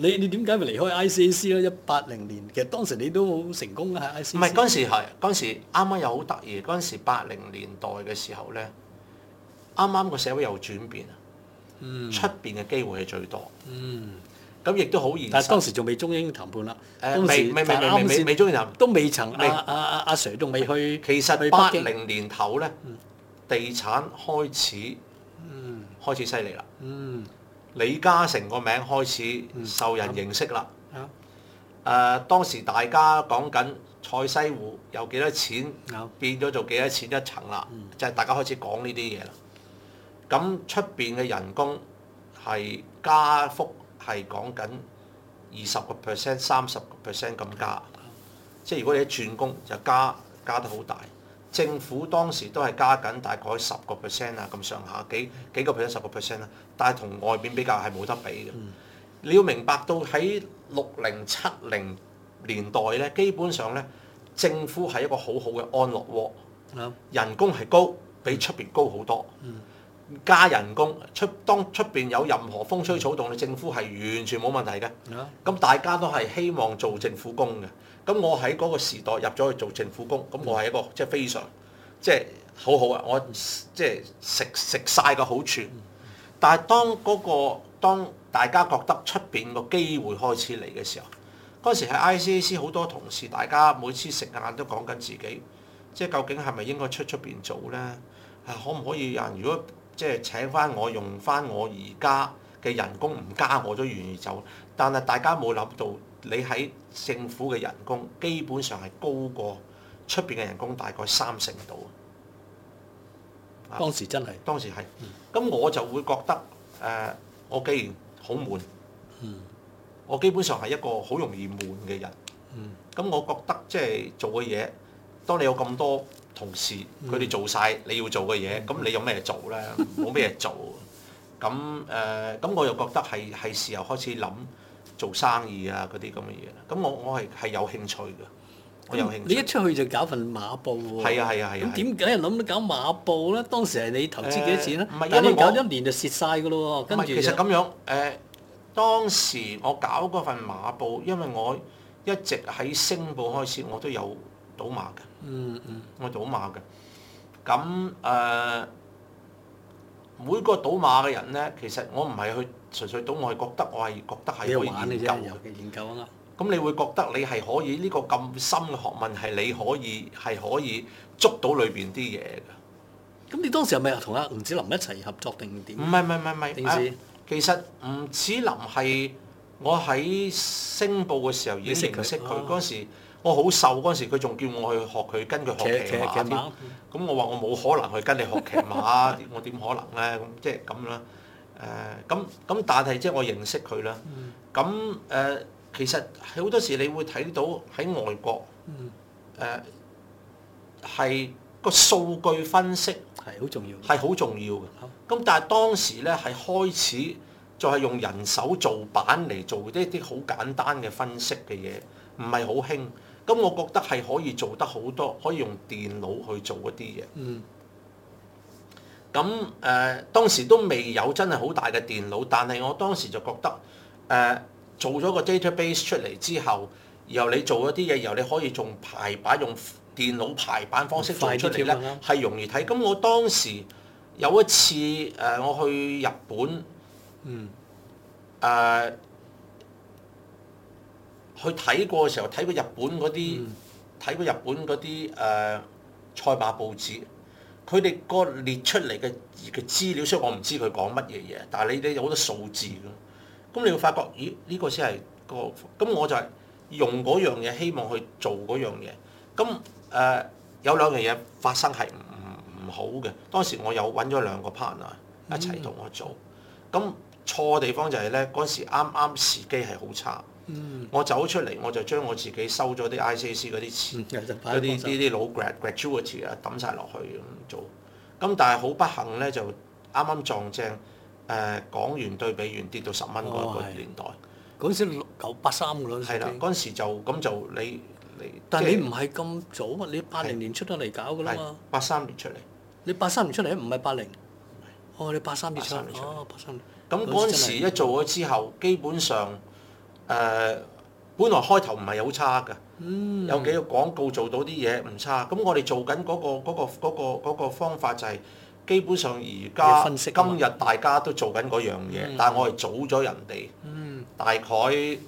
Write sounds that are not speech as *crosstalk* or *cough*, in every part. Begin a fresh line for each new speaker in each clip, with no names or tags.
你你點解咪離開 ICAC 咯？一八零年，其實當時你都好成功嘅，喺 ICAC 唔係？嗰陣時係嗰陣時剛剛，啱啱又好得意。嗰陣時八零年代嘅時候咧，啱啱個社會又轉變啊，出邊嘅機會係最多。嗯，咁亦都好現實。但係當時仲未中英談判啦。誒未未未未未中英談判都未曾。未阿阿阿 Sir 仲未去。其實八零年頭咧，嗯，地產開始，嗯，開始犀利啦。嗯。李嘉誠個名開始受人認識啦。誒、嗯嗯呃，當時大家講緊賽西湖有幾多錢，嗯、變咗做幾多錢一層啦，就係、是、大家開始講呢啲嘢啦。咁出邊嘅人工係加幅係講緊二十個 percent、三十個 percent 咁加，即係如果你一轉工就加加得好大。政府當時都係加緊大概十個 percent 啊咁上下，幾幾個 percent 十個 percent 啦。但係同外邊比較係冇得比嘅。嗯、你要明白到喺六零七零年代咧，基本上咧政府係一個好好嘅安樂窩。嗯、人工係高，比出邊高好多。嗯、加人工出當出邊有任何風吹草動，你、嗯、政府係完全冇問題嘅。咁、嗯嗯、大家都係希望做政府工嘅。咁我喺嗰個時代入咗去做政府工，咁我係一個即係非常即係、就是、好好啊！我即係食食曬個好處。但係當嗰、那個當大家覺得出邊個機會開始嚟嘅時候，嗰時喺 ICAC 好多同事，大家每次食晏都講緊自己，即、就、係、是、究竟係咪應該出出邊做咧？啊，可唔可以有人如果即係請返我用返我而家嘅人工唔加我都願意走？但係大家冇諗到。你喺政府嘅人工基本上係高過出邊嘅人工大概三成度、啊。當時真係，當時係。咁、嗯、我就會覺得誒、呃，我既然好悶，嗯、我基本上係一個好容易悶嘅人。咁、嗯、我覺得即係、就是、做嘅嘢，當你有咁多同事佢哋、嗯、做晒你要做嘅嘢，咁、嗯、你有咩做咧？冇咩 *laughs* 做。咁誒，咁、呃、我又覺得係係時候開始諗。做生意啊嗰啲咁嘅嘢，咁我我係係有興趣嘅，我有興趣。你一出去就搞份馬報喎。係啊係啊係。啊。點解又諗到搞馬報咧？當時係你投資幾多錢咧？唔係、呃、因為我一年就蝕晒嘅咯喎，跟住。其實咁樣，誒、呃，當時我搞嗰份馬報，因為我一直喺星報開始，我都有賭馬嘅、嗯。嗯嗯。我賭馬嘅，咁、嗯、誒。呃每個賭馬嘅人咧，其實我唔係去純粹賭，我係覺得我係覺得係可以研究嘅。研究啊嘛。咁、嗯、你會覺得你係可以呢、呢個咁深嘅學問係你可以係可以捉到裏邊啲嘢嘅。咁你當時係咪同阿吳子霖一齊合作定點？唔係唔係唔係唔係啊！其實吳子霖係我喺星報嘅時候已經認識佢嗰時。哦哦我好瘦嗰陣時，佢仲叫我去學佢跟佢學騎，騎馬咁、嗯、我話我冇可能去跟你學騎馬， *laughs* 我點可能咧？咁即係咁啦。誒、呃，咁咁但係即係我認識佢啦。咁誒、嗯呃，其實好多時你會睇到喺外國，誒、呃、係個數據分析係好重要，係好、嗯、重要嘅。咁好但係當時咧係開始就係用人手做板嚟做一啲好簡單嘅分析嘅嘢，唔係好興。咁我覺得係可以做得好多，可以用電腦去做一啲嘢。嗯。咁誒、呃，當時都未有真係好大嘅電腦，但係我當時就覺得誒、呃，做咗個 database 出嚟之後，然後你做一啲嘢，然後你可以仲排版用電腦排版方式做出嚟咧，係容易睇。咁我當時有一次誒、呃，我去日本。嗯。誒、呃。去睇過嘅時候，睇過日本嗰啲，睇、嗯、過日本嗰啲誒賽馬報紙，佢哋個列出嚟嘅嘅資料，雖然我唔知佢講乜嘢嘢，但係你哋有好多數字嘅，咁你會發覺，咦？呢、呢個先係、嗰個，咁我就係用嗰樣嘢，希望去做嗰樣嘢。咁誒、呃、有兩樣嘢發生係唔唔好嘅。當時我有揾咗兩個 partner 一齊同我做，咁、嗯、錯地方就係咧嗰時啱啱時機係好差。嗯，我走出嚟，我就將我自己收咗啲 ICAC 嗰啲錢，嗰啲啲啲老 grad graduates 啊，抌晒落去咁做。咁但係好不幸咧，就啱啱撞正誒港元對美元跌到十蚊嗰個年代。嗰陣時六九八三個輪。係啦，嗰陣時就咁就你你。但係你唔係咁早啊？你八零年出得嚟搞㗎嘛？係八三年出嚟。你八三年出嚟？唔係八零。哦，你八三年出嚟。哦，八三年。咁嗰陣時一做咗之後，基本上。誒、呃，本來開頭唔係好差嘅，嗯、有幾個廣告做到啲嘢唔差。咁我哋做緊嗰、嗰個嗰、嗰個嗰個嗰個方法就係，基本上而家今日大家都做緊嗰樣嘢，嗯、但係我係早咗人哋，嗯、大概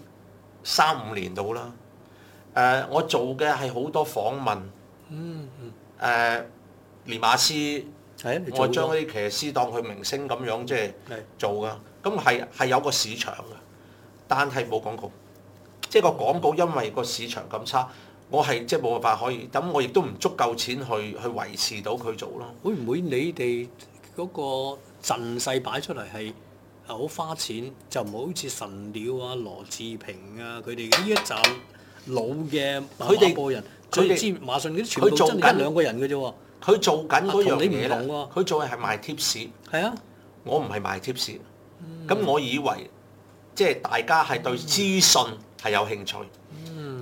三五年到啦。誒、呃，我做嘅係好多訪問，誒、嗯呃，練馬師，我將啲騎師當佢明星咁樣即係、即係、做㗎，咁係係有個市場㗎。但係冇廣告，即係個廣告因為個市場咁差，我係即係冇辦法可以，咁我亦都唔足夠錢去去維持到佢做咯。會唔會你哋嗰個陣勢擺出嚟係好花錢，就唔好好似神鳥啊、羅志平啊佢哋呢一陣老嘅佢哋播人，佢之馬上全部都得兩個人嘅啫喎。佢做緊嗰樣嘢，佢、啊啊、做係賣貼士。係啊，我唔係賣貼士，咁、嗯、我以為。即係大家係對資訊係有興趣，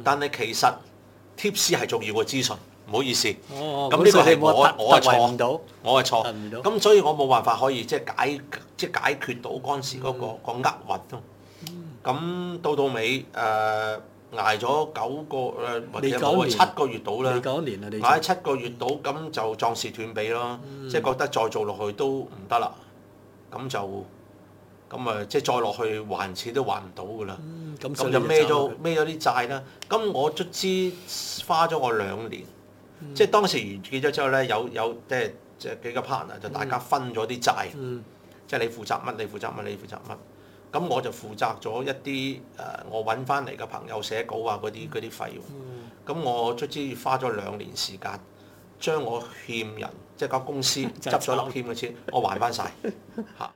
但係其實貼士係重要過資訊。唔好意思，咁呢個係我我係錯唔到，我係錯唔到，咁所以我冇辦法可以即係解即係解決到嗰陣時嗰個厄運咯。咁到到尾誒捱咗九個誒或者七個月到啦，捱七個月到咁就壯士斷臂咯，即係覺得再做落去都唔得啦，咁就。咁啊，即係再落去還錢都還唔到㗎啦。咁就孭咗孭咗啲債啦。咁我卒之花咗我兩年，即係當時完結咗之後咧，有有即係即係幾個 partner 就大家分咗啲債。即係你負責乜？你負責乜？你負責乜？咁我就負責咗一啲誒，我揾翻嚟嘅朋友寫稿啊，嗰啲嗰啲費用。咁我卒之花咗兩年時間，將我欠人即係間公司執咗粒欠嘅錢，我還翻晒。嚇。